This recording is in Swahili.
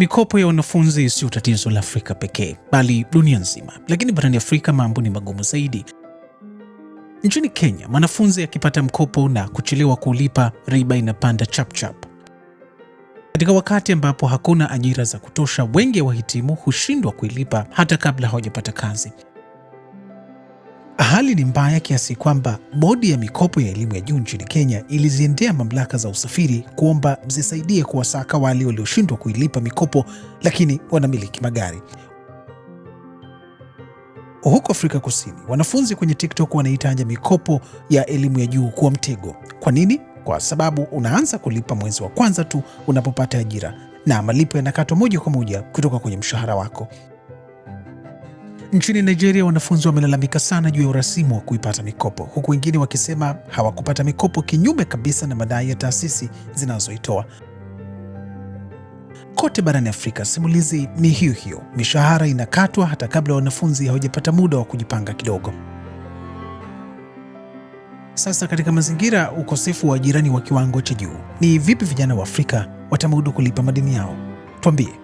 Mikopo ya wanafunzi sio tatizo la Afrika pekee, bali dunia nzima, lakini barani Afrika mambo ni magumu zaidi. Nchini Kenya, mwanafunzi akipata mkopo na kuchelewa kulipa riba inapanda chapchap. Katika wakati ambapo hakuna ajira za kutosha, wengi ya wahitimu hushindwa kuilipa hata kabla hawajapata kazi. Hali ni mbaya kiasi kwamba bodi ya mikopo ya elimu ya juu nchini Kenya iliziendea mamlaka za usafiri kuomba mzisaidie kuwasaka wale walioshindwa kuilipa mikopo lakini wanamiliki magari. Huko Afrika Kusini, wanafunzi kwenye TikTok wanaitaja mikopo ya elimu ya juu kuwa mtego. Kwa nini? Kwa sababu unaanza kulipa mwezi wa kwanza tu unapopata ajira na malipo yanakatwa moja kwa moja kutoka kwenye mshahara wako. Nchini Nigeria, wanafunzi wamelalamika sana juu ya urasimu wa kuipata mikopo, huku wengine wakisema hawakupata mikopo, kinyume kabisa na madai ya taasisi zinazoitoa. Kote barani Afrika simulizi ni hiyo hiyo, mishahara inakatwa hata kabla wanafunzi hawajapata muda wa kujipanga kidogo. Sasa katika mazingira ukosefu wa jirani wa kiwango cha juu, ni vipi vijana wa Afrika watamudu kulipa madeni yao? Tuambie.